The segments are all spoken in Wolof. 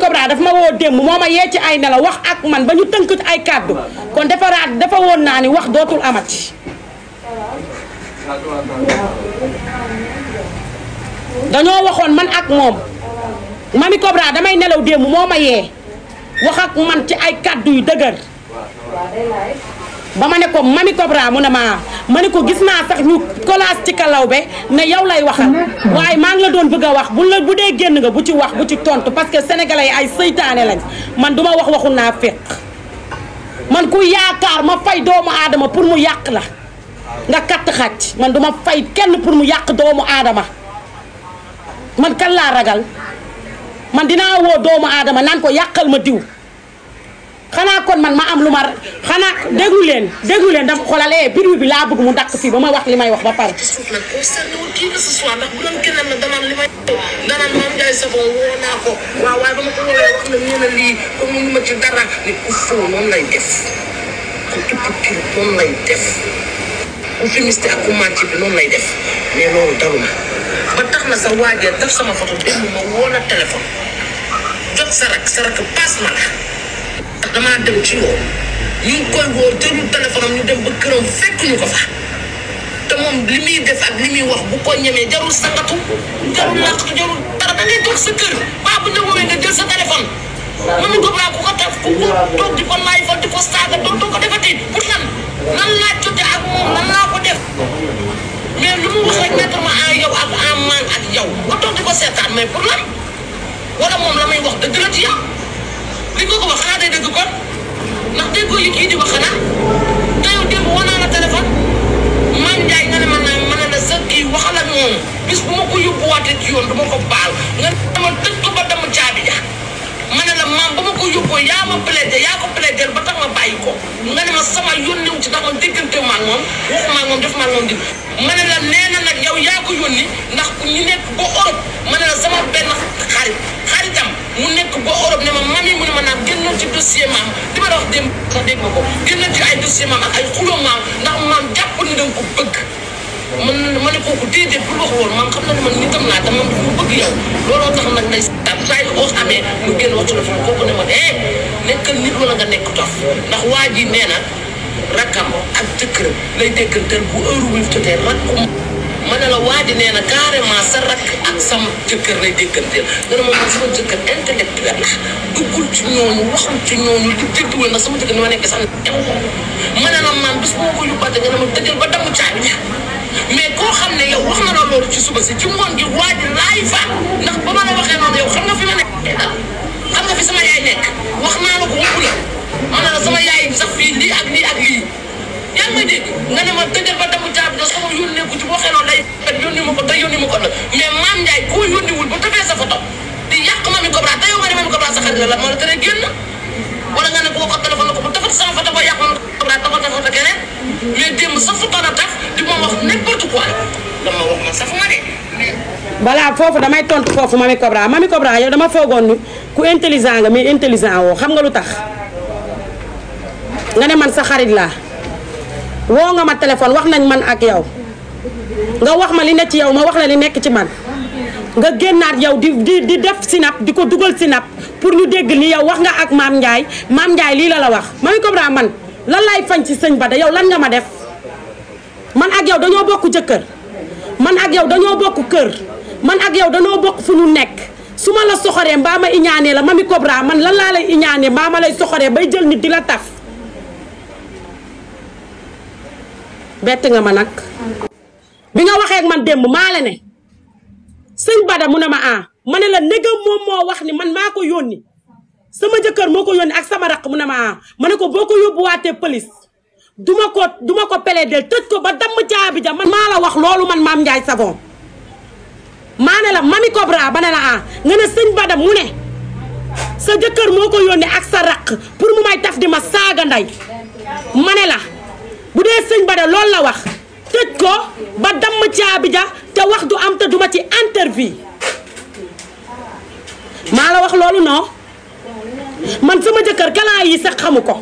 Mamy daf ma woo démb moo ma yee ci ay nelaw wax ak man ba ñu tënk ay kàddu kon defaraat dafa woon naa ni wax dootul amati. dañoo waxoon man ak moom Mamy Cobra damay nelaw démb moo ma yee wax ak man ci ay kàddu yu dëgër. ba ma ne ko mami Cobra mu ne ma ma ne ko gis naa sax ñu collage ci kalaw be ne yow lay waxal waaye maa ngi la doon bëgg a wax bu la bu dee génn nga bu ci wax bu ci tontu parce que sénégalais yi ay seytaane lañ man du ma wax waxu naa féq man ku yaakaar ma fay doomu aadama pour mu yàq la nga katt xàcc man du ma fay kenn pour mu yàq doomu aadama man kan laa ragal man dinaa woo doomu aadama naan ko yàqal ma diw xanaa kon man ma am lu ma xanaa déglu leen déglu leen dafa xoolal eh bi laa bëgg mu dàq fii ba ma wax li wax ba pare. danaan maam Ndiaye Savon woo naa ko waaw waaye ma ko woowee wax na ñu ne moom lay def ku tukki moom lay def ku fumiste ak bi noonu lay def mais loolu dalu na ba tax na sa waajee sama photo démb ma woo la jot sa rak sa rak paas ma damaa dem ci moom ñu ngi koy woo jëlu téléphone am ñu dem ba këram fekk ko fa te moom li muy def ak li muy wax bu ko ñemee jarul sangatu jarul làq jarul dara da ngay toog sa kër waa bu ñu ko def ko toog di ko laay fa di ko saaga dootoo pour lan lan laa jote ak moom lan laa ko def mais lu mu wax rek mettre ma en yow ak en ak yow nga toog ko seetaan mais pour lan wala moom la may wax dëgg la ci yow ndax déggoo yi kii di wax xanaa te yow démb la téléphone man Ndiaye nga ne man naa ma ne la sa kii waxal ak moom bu ma ko yóbbuwaatee ci yoon du ko baal nga ne ma tëj ko ba dama caabi ja ma ne la maam ba ma ba tax ma ko nga ne ma sama yónni wu ci ndax man déggante maa moom waxu maa moom def maa moom di ma ne la nee nag yow yaa ko yónni ndax ñu nekk ba Europe ma ne la sama benn xarit. mu nekk ba Europe ne ma mami mu ne ma naan génnoon ci dossier maam li ma la wax démb sax dégg nga ko génnoon ci ay dossier maam ak ay xulo maam ndax maam jàpp ni da ko bëgg. man na ne man nitam laa te man mu bëgg yow looloo tax nag day sàmm saa yu wax amee mu génn wax téléphone kooku ne ma eh nekkal nit wala nga nekk dof ndax waa ji nee na rakkam ak jëkkëram lay dégganteel bu heure bu jotee rakkum. ma ne la waa ji nee na carrément sa rakk ak sam jëkkër lay dégganteel dana ma man sama jëkkër intellectuel la duggul ci ñooñu waxul ci ñooñu di dégluwul ndax sama jëkkër ni ma nekk sax ma ne la man bés boo ko yóbbaatee nga ne ma dëggal ba damu caabi mais koo xam ne yow wax na la loolu ci suba si ci ngoon gi waa ji fa Ndiaye balaa foofu damay tontu foofu ma Mamy Cobra Mamy Cobra yow dama foogoon ni ku intelligent nga mais intelligent woo xam nga lu tax nga ne man sa xarit laa woo nga ma téléphone wax nañ man ak yow nga wax ma li ne ci yow ma wax la li nekk ci man nga génnaat yow di di di def sinap di ko dugal si sinap pour ñu dégg nii yow wax nga ak maam Ndiaye maam Ndiaye lii la la wax mami Cobra man lan laay fañ ci sëñ Bada yow lan nga ma def man ak yow dañoo bokk jëkkër man ak yow dañoo bokk kër man ak yow dañoo bokk fu ñu nekk su ma la soxoree mbaa ma iñaanee la mami Cobra man lan laa lay iñaanee mbaa ma lay soxoree bay jël nit di la taf bett nga ma nag bi nga waxee man démb maa la ne sëñ Bada mu ne ma ah ma ne la ndegam moom moo wax ni man maa ko yónni sama jëkkër moo ko yónni ak sama raq ne ma ah, ma ne ko boo ko yóbbuwaatee pëlis duma ko duma ko plaidel tëj ko ba damm caabi ja man maa la wax loolu man maam Ndiaye Savon maa ne la mami Cobra ba ne la ah nga ne ne sa jëkkër moo ko yónni ak sa raq pour mu may taf di ma saaga nday mane la bu dee sëñ Bada loolu la wax tëj ko ba damm caabi ja te wax du am te duma ci interview maa la wax loolu non man sama jëkkër galaa yi sax xamu ko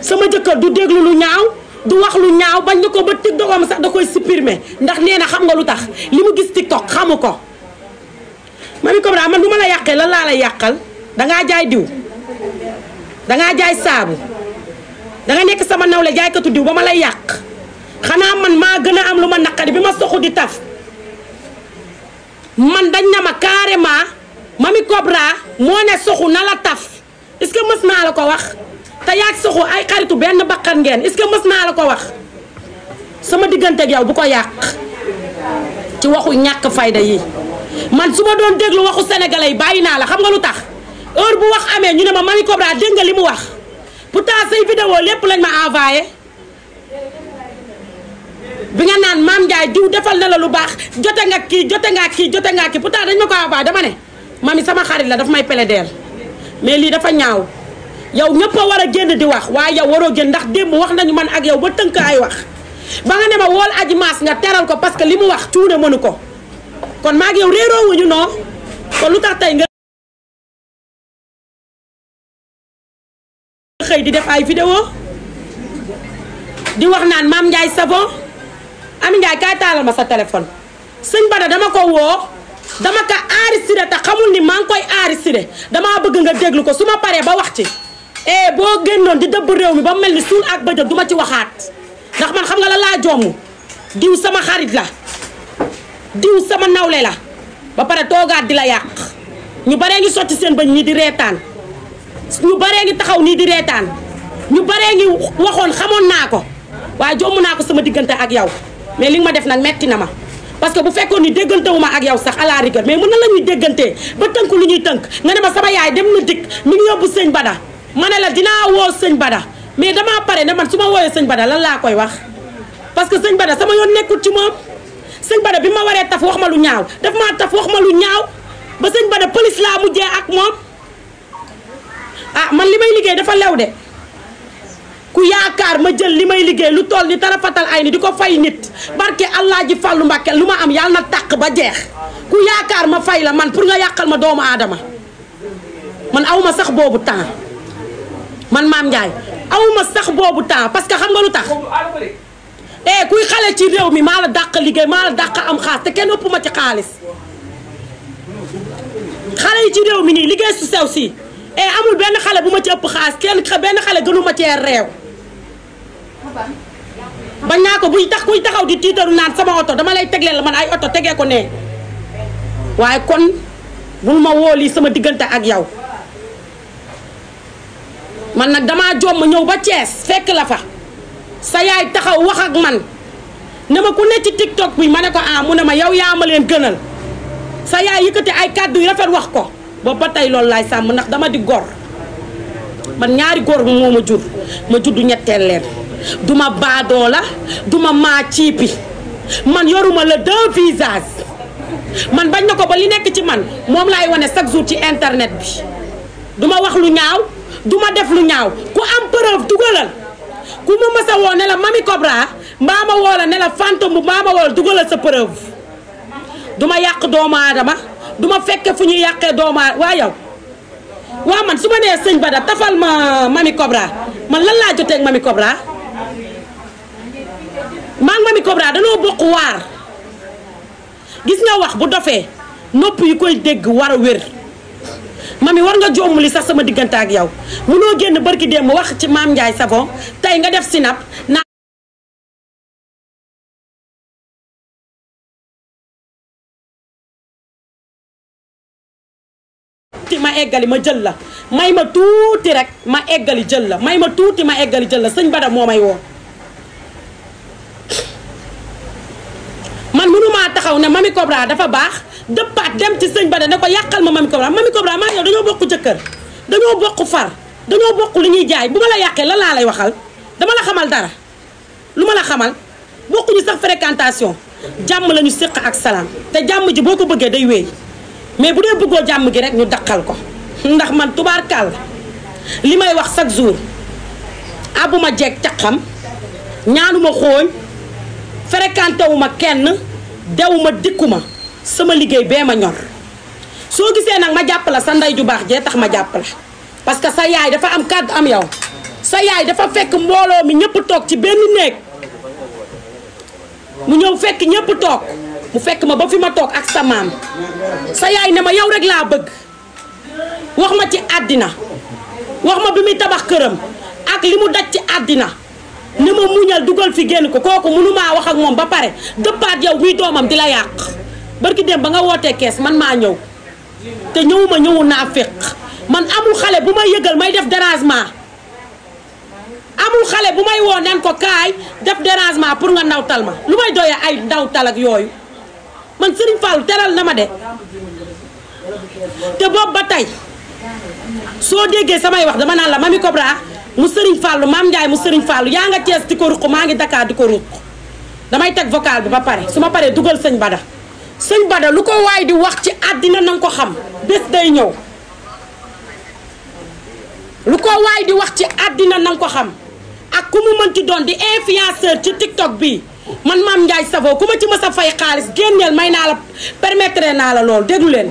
sama jëkkër du déglu lu ñaaw du wax lu ñaaw bañ na ko ba am sax da koy supprimer ndax nee na xam nga lu tax li mu gis tiktok xamu ko ko Cobra man du ma la yàqee la laa lay yàqal dangaa jaay diw dangaa jaay saabu danga nekk sama nawle jaaykatu diw ba ma lay yàq xanaa man maa gën a am lu ma naqari bi ma soxu di taf man dañ na ma carrément Mamy Cobra moo ne soxu na la taf est-ce que mës naa la ko wax te yaag soxu ay xaritu benn baqan ngeen est-ce que mës naa la ko wax sama diggante ak yow bu ko yàq ci waxu ñàkk fayda yi man su ma doon déglu waxu sénégalais yi bàyyi naa la xam nga lu tax heure bu wax amee ñu ne ma Mamy Cobra dégg nga li mu wax pourtant say vidéo lépp lañ ma envoyé bi nga naan maam Ndiaye diw defal na la lu baax jote nga kii jote nga kii jote nga kii pourtant dañ ma ko envoyé dama ne mami sama xarit la dafa may plaider mais lii dafa ñaaw yow ñëpp a war a génn di wax waaye yow waroo génn ndax démb wax nañu man ak yow ba tënk ay wax ba nga ne ma wool aji nga teral ko parce que li mu wax cuune mënu ko kon maa ngi yow réeroo ñu non kon lu tax tey nga xëy di def ay vidéo di wax naan maam Ndiaye savon Ami Ndiaye kaay taalal ma sa téléphone sëñ Bada dama ko woo dama ko enregistré te xamul ni maa ngi koy enregistré damaa bëgg nga déglu ko su ma paree ba wax ci eh boo génnoon di dëbb réew mi ba mel ni suul ak bëjëg du ma ci waxaat ndax man xam nga la laa jomm diw sama xarit la diw sama nawle la ba pare toogaat di la yàq ñu baree ngi sotti seen bëñ ñi di reetaan ñu baree ngi taxaw nii di reetaan ñu baree ngi waxoon xamoon naa ko waaye jomm naa ko sama diggante ak yow mais li ma def nag metti na ma parce que bu fekkoon ni déggantewuma ak yow sax à mais mën na la ñuy déggantee ba tënku li ñuy tënk nga ne ma sama yaay dem na dikk mi ngi yóbbu sëñ Bada ma ne la dinaa woo sëñ Bada mais damaa pare na man su ma wooyee sëñ Bada lan laa koy wax parce que sëñ Bada sama yoon nekkul ci moom sëñ Bada bi ma waree taf wax ma lu ñaaw daf maa taf wax ma lu ñaaw ba sëñ Bada pëlis laa mujjee ak moom ah man li may liggéey dafa lew de ku yaakaar ma jël li may liggéey lu toll ni fatal ay ni di ko fay nit barke allah ji fàllu mbàkke lu ma am yàlla na tàq ba jeex ku yaakaar ma fay la man pour nga yàqal ma doomu aadama man awma sax boobu temps man maam Ndiaye awma sax boobu temps parce que xam nga lu tax eh kuy xale ci réew mi maa la dàq liggéey maa la dàq am xaalis te kenn ëpp ma ci xaalis xale yi ci réew mi nii liggéey su sew si eh amul benn xale bu ma ci ëpp xaalis kenn benn xale gënu ma cee bañ naa ko buy tax kuy taxaw di tiitaru naan sama oto dama lay tegleel man ay oto tegee ko ne waaye kon bul ma woo lii sama diggante ak yow man nag dama jomm ñëw ba Thiès fekk la fa sa yaay taxaw wax ak man ne ma ku ne ci tiktok bi ma ne ko ah mu ne ma yow yaa ma leen gënal sa yaay yëkkati ay kàddu yu rafet wax ko boobu ba tey loolu laay sàmm ndax dama di gor man ñaari gor moo ma jur ma juddu ñetteel leen. du ma baadoo la du maa ciipi man yoruma la deux visages man bañ na ko ba li nekk ci man moom laay wane chaque jour ci internet bi duma ma wax lu ñaaw duma def lu ñaaw ku am preuve dugalal ku ma mës a woo ne la Mamy Cobra mbaa ma woo la ne la fantôme mbaa ma woo la dugalal sa preuve du yàq doomu aadama du ma fekke fu ñuy yàqee doomu aadama waa yow waa man su ma nee sëñ Bada tafal ma Mamy Cobra man lan laa jotee ak Mamy Cobra maa ngi Mamy Cobra danoo bokk waar gis nga wax bu dofee nopp yi koy dégg war a wér mami war nga jomm li sax sama diggante ak yow munoo génn barki démb wax ci maam Ndiaye Savon tey nga def sinap naa ma eggali ma jël la may ma tuuti rek ma eggali jël la may ma tuuti ma eggali jël la sëñ Bada moo may woo taxaw ne mami Cobra dafa baax dëppaat dem ci sëñ Bada ne ko yàqal ma mami Cobra mami Cobra maa yow dañoo bokk jëkkër dañoo bokk far dañoo bokk li ñuy jaay bu ma la yàqee lan laa lay waxal dama la xamal dara lu ma la xamal bokkuñu sax fréquentation jàmm lañu siq ak salaam te jàmm ji boo ko bëggee day wéy mais bu dee bëggoo jàmm gi rek ñu daqal ko ndax man tubaarkàll li may wax chaque jour abuma jeeg caqam ñaanuma xooñ fréquenté wu ma kenn dewuma dikkuma sama liggéey bee ma ñor soo gisee nag ma jàpp la sa ndey ju baax jee tax ma jàpp la parce que sa yaay dafa am kàddu am yow sa yaay dafa fekk mbooloo mi ñëpp toog ci benn néeg mu ñëw fekk ñëpp toog mu fekk ma ba fi ma toog ak sa maam sa yaay ne ma yow rek laa bëgg wax ma ci àddina wax ma bi muy tabax këram ak li mu daj ci àddina ne ma muñal dugal fi génn ko kooku mënumaa wax ak moom ba pare dëppaat yow muy doomam di la yàq barki dem ba nga wootee kees man maa ñëw te ñëwuma ñëwu naa féq man amul xale bu may yëgal may def dérangement amul xale bu may woo nan ko kaay def drangement pour nga ndawtal ma lu may doyee ay ndawtal ak yooyu man Serigne Fallou teral na ma de te bopp ba tey soo déggee samay wax dama naan la ma Mamy Cobra mu sëriñ fàllu maam Ndiaye mu sëriñ fàllu yaa nga Cees di ko ruq maa ngi Dakar di ko ruq damay teg vocal bi ba pare su ma paree dugal sëñ Bada sëñ Bada lu ko waay di wax ci àddina na nga ko xam day ñëw lu ko di wax ci àddina na nga xam ak ku mu mënti doon di influenceur ci TikTok bi man maam Ndiaye Savon ku ma ci mës a fay xaalis génneel may naa la permettre naa la loolu déglu leen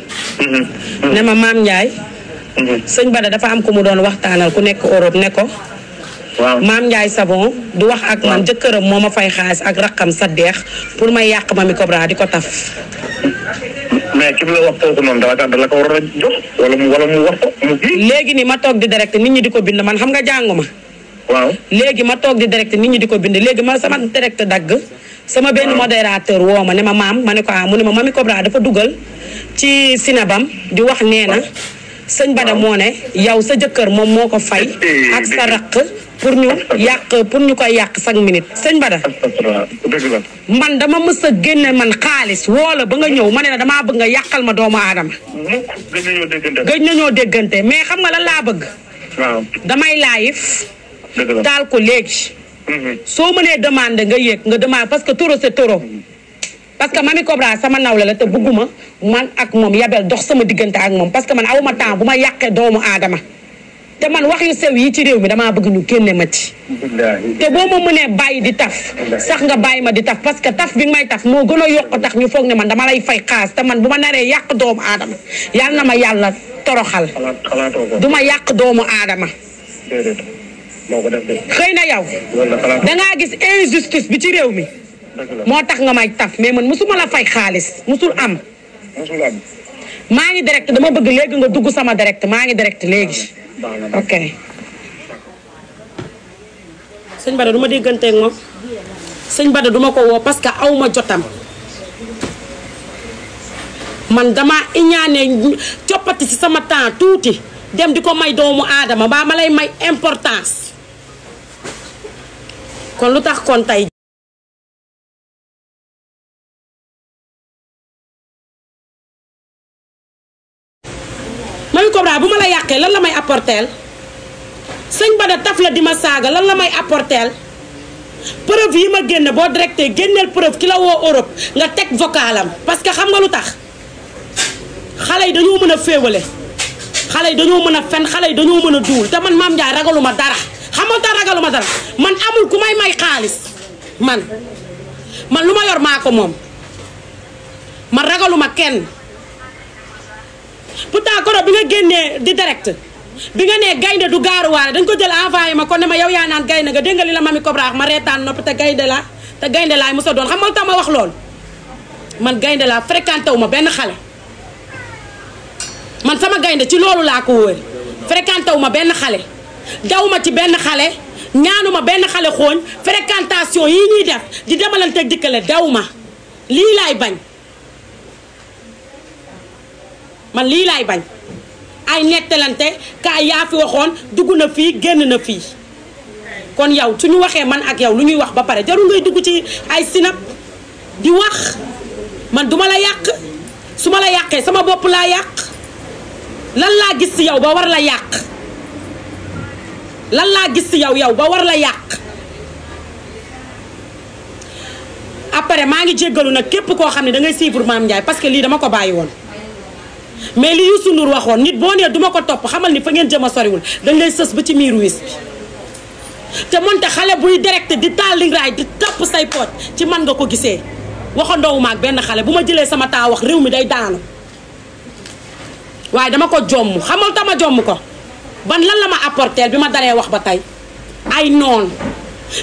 ne ma maam Ndiaye. sëñ ba Bada dafa am ko mu doon waxtaanal ku nekk Europe ne ko. waaw maam Ndiaye Savon du wax ak man jëkkëram moo ma fay xaalis ak raqam sa deex pour may yàq ma mi Cobra di ko taf. mais ki mu la wax kooku noonu da la ko war a jox wala mu ko léegi ni ma toog di direct nit ñi di ko bind man xam nga jàngu ma. waaw léegi ma toog di direct nit ñi di ko bind léegi ma sama direct dagg. sama benn modérateur woo ma ne ma maam ma ne ko ah mu ne ma ma mami Cobra dafa dugal. ci sinabam di wax nee na sëñ Bada moo ne yow sa jëkkër moom moo ko fay ak sa raq pour ñu yàq pour ñu koy yàq cinq minutes sëñ Bada man dama mës a génne man xaalis woola ba nga ñëw ma ne la damaa bëgg nga yàqal ma doomu aadama gëj nañoo déggante mais xam nga lan laa bëgg damay laayif daal ko léegi mhm. soo mënee demande nga yéeg nga demande parce que toro c'est toro mhm. parce que Mamy Cobra sama nawla la te bëgguma man ak moom yabel dox sama diggante ak moom parce que man awma temps bu ma yàqee doomu aadama te man wax yu sew yi ci réew mi damaa bëgg ñu génne ma ci te boo ma mënee bàyyi di taf sax nga bàyyi ma di taf parce que taf bi may taf moo gën a yokk tax ñu foog ne man dama lay fay xaas te man bu ma naree yàq doomu aadama yàlla na ma yàlla toroxal du ma yàq doomu aadama xëy na yow dangaa gis injustice bi ci réew mi moo tax nga may taf mais man musuma la fay xaalis musul am. am. maa ngi direct dama bëgg léegi nga dugg sama direct maa ngi direct léegi. ok. sëñ Bada duma ma dégganteeg moom sëñ Bada du ko woo parce que aw ma jotam man dama iñaane coppati ci sama temps tuuti dem di ko may doomu aadama baa ma lay may importance kon lu tax kon tey Mamy Cobra bu ma la yàqee lan la may apporteel sëñ Bada taf la di ma saaga lan la may apporteel preuve yi ma génne boo directé génneel preuve ki la woo Europe nga teg vocalam parce que xam nga lu tax xale yi dañoo mën a féewale xale yi dañoo mën a fen xale yi dañoo mën a duul te man Mame Ndiaye ragaluma dara xam nga tax ragaluma dara man amul ku may may xaalis man man lu ma yor maa ko moom man ragaluma kenn. pourtant koro bi nga génnee di direct bi nga nee gaynde du gaaruwaale dañ ko jël envoyé ma kon ne ma yow yaa naan gaynde nga dégg li la mami Cobra ma reetaan noppi te gaynde laa te gaynde laay mos doon xam nga tax wax loolu man gaynde laa fréquenté wu ma benn xale man sama gaynde ci loolu laa ko wër fréquenté wu ma benn xale daw ma ci benn xale ñaanuma benn xale xooñ fréquentation yi ñuy def di demalanteeg dikkale daw ma lii laay bañ man lii laay bañ ay nettalante kaay yaa fi waxoon dugg na fii génn na fii kon yow ñu waxee man ak yow lu ñuy wax ba pare jarul ngay dugg ci ay sinap di wax man duma la yàq su ma la yàqee sama bopp laa yàq lan laa gis ci yow ba war la yàq lan laa gis ci yow yow ba war la yàq après maa ngi jéggalu nag képp koo xam ne da ngay maam Mame Ndiaye parce que lii dama ko bàyyi woon mais li Youssou Ndour waxoon nit boo nee duma ko topp xamal ni fa ngeen jëm a soriwul dañ lay sës ba ci miiru wis bi te mënta xale buy direct di taal li raay di topp say pooj ci man nga ko gisee waxandoowuma ak benn xale bu ma jëlee sama taa wax réew mi day daanu waaye dama ko jomm xamal tama jomm ko ban lan la ma apporteel bi ma dalee wax ba tey ay noon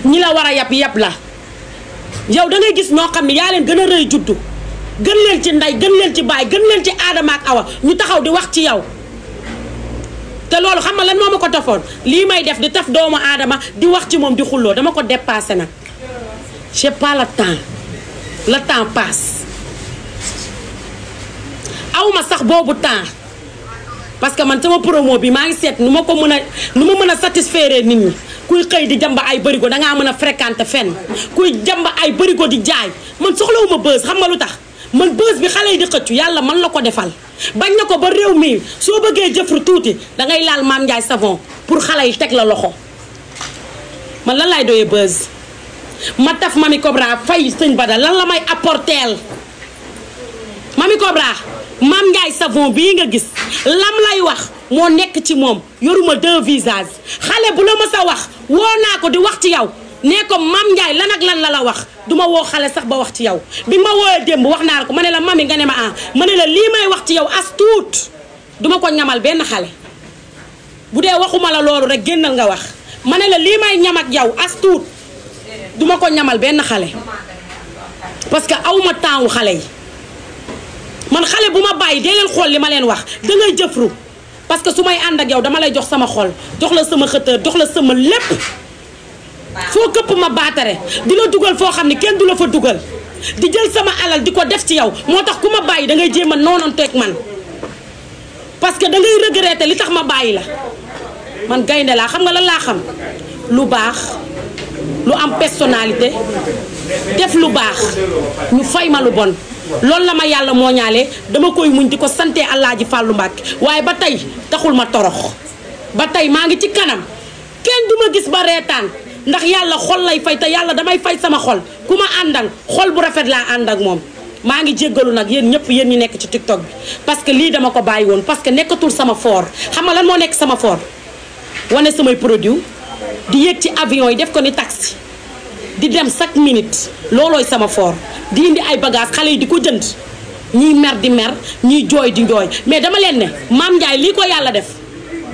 ñi la war a yab yab la yow da ngay gis ñoo xam ne yaa leen gën a rëy juddu gën leen ci ndey gën leen ci baay gën leen ci aadama ak awa ñu taxaw di wax ci yow te loolu xam nga leen moom ma ko tofoon lii may def di taf doomu aadama di wax ci moom di xulloo dama ko dépassé nag j'ai pas le temps le temps passe awma sax boobu temps parce que man sama promo bi maa ngi seet nu ma ko mën a nu ma mën a satisfaire nit ñi kuy xëy di jamba ay bërigo dangaa mën a fréquenter fenn kuy jamba ay bërigo di jaay man soxlawuma bës xam ma lu tax man bës bi xale yi di xëccu yàlla man la ko defal bañ na ko ba réew mi soo bëggee jëfru tuuti da ngay laal maam Ndiaye savon pour xale yi teg la loxo man lan laay doyee bës ma ma mami Cobra fay sëñ Bada lan la may apporteel mami Cobra maam Ndiaye savon bii nga gis lam lay wax moo nekk ci moom yoruma deux visage xale bu la mës a wax woo naa ko di wax ci yow. nee ko Mame Ndiaye lan ak lan la la wax duma woo xale sax ba wax ci yow bi ma wooyee démb wax naa la ko ma ne la mami nga ne ma ah ma ne la lii may wax ci yow as tuut duma ko ñamal benn xale bu dee waxuma la loolu rek génnal nga wax ma ne la lii may ñam ak yow as tuut du ko ñamal benn xale parce que awma temps xale yi man xale bu ma bàyyi dee leen xool li ma leen wax da ngay jëfru parce que su may ànd ak yow dama lay jox sama xol jox la sama xëtër jox la sama lépp foo këpp ma baatare di la dugal foo xam ne kenn du la fa dugal di jël sama alal di ko def ci yow moo tax ku ma bàyyi dangay ngay jéem a noonanteeg man parce que da ngay li tax ma bàyyi la man gaynde laa xam nga la laa xam lu baax lu am personnalité def lu baax ñu fay ma lu bon loolu la ma yàlla moo ñaalee dama koy muñ di ko sante Alaaji Fàllu Mbàkke waaye ba tey taxul ma torox ba tey maa ngi ci kanam kenn du ma gis ba reetaan ndax yàlla xol lay fay te yàlla damay fay sama xol ku ma àndal xol bu rafet laa ànd ak moom maa ngi jéggalu nag yéen ñëpp yéen ñi nekk ci tiktok bi parce que lii dama ko bàyyi woon parce que nekkatul sama foor xam nga lan moo nekk sama foor wane samay produit di yéeg ci avion yi def ko ni taxi di dem chaque minute loolooy sama foor di indi ay bagage xale yi di ko jënd ñiy mer di mer ñiy jooy di jooy mais dama leen ne maam Ndiaye lii ko yàlla def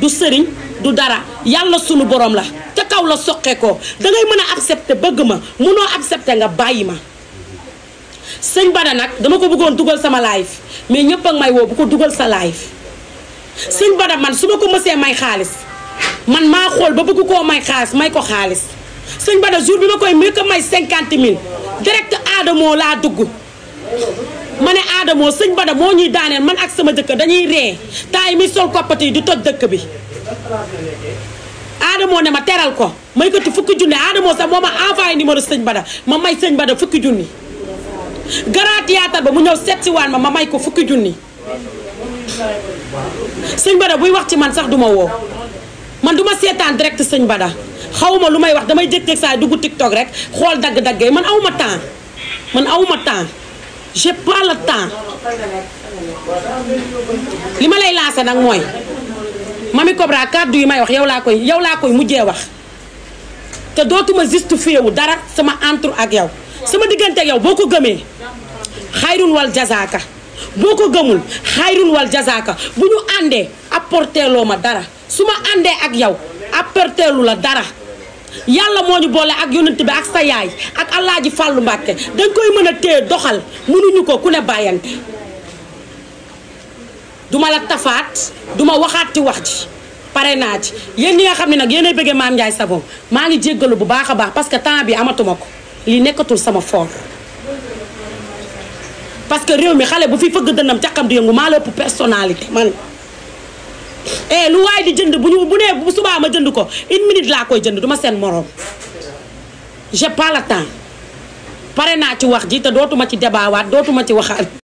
du sëriñ du dara yàlla sunu borom la te kaw la soqe ko dangay mën a accepter bëgg ma munoo accepter nga bàyyi ma sëñ Bada nag dama ko bëggoon dugal sama live mais ñëpp may woo bu ko dugal sa live sëñ Bada man su ma ko mësee may xaalis man maa xool ba bëgg koo may xaalis may ko xaalis sëñ Bada jour bi ma koy mi ko may cinquante mille direct aadamoo laa dugg ma ne aadamoo sëñ Bada moo ñuy daaneel man ak sama jëkkër dañuy ree taay mi sol koppati di toj dëkk bi aadamoo ne ma teral ko may kati fukki junni aadamoo sax moo ma envoyé numéro sëñ Bada ma may sëñ Bada fukki junni garaat yaatal ba mu ñëw seet si ma ma may ko fukki junni sëñ Bada buy wax ci man sax duma woo man duma seetaan direct sëñ Bada xawuma lu may wax damay jékki-jékki saa dugg TikTok rek xool dagg-daggee man awma temps man awuma temps j'ai pas la temps li ma lay lancé nag mooy Mamy Cobra kàddu yi may wax yow laa koy yow laa koy mujjee wax te dootuma justifié wu dara sama entre ak yow sama diggante yow boo ko gëmee xayrun wal jazaaka boo ko gëmul xayrun wal jazaaka bu ñu àndee apporteeloo ma dara su ma àndee ak yow apporteelu la dara yàlla moo ñu boole ak yonent bi ak sa yaay ak Alaaji Fàllu Mbàkke dañ koy mën a téye doxal mënuñu ko ku ne bàyyante duma la tafaat duma waxaat ci wax ji pare naa ci yéen ñi nga xam ni nag yéenay bëggee Mame Ndiaye Savon maa ngi jéggalu bu baax a baax parce que temps bi amatuma ko li nekkatul sama for parce que réew mi xale bu fi fëgg dënnam caqam di yëngu maa la ëpp personnalité man eh lu waay di jënd bu ñu bu nee bu subaa ma jënd ko une minute laa koy jënd duma seen morom je pas le temps pare naa ci wax ji te dootuma ci debaawaat dootuma ci waxaat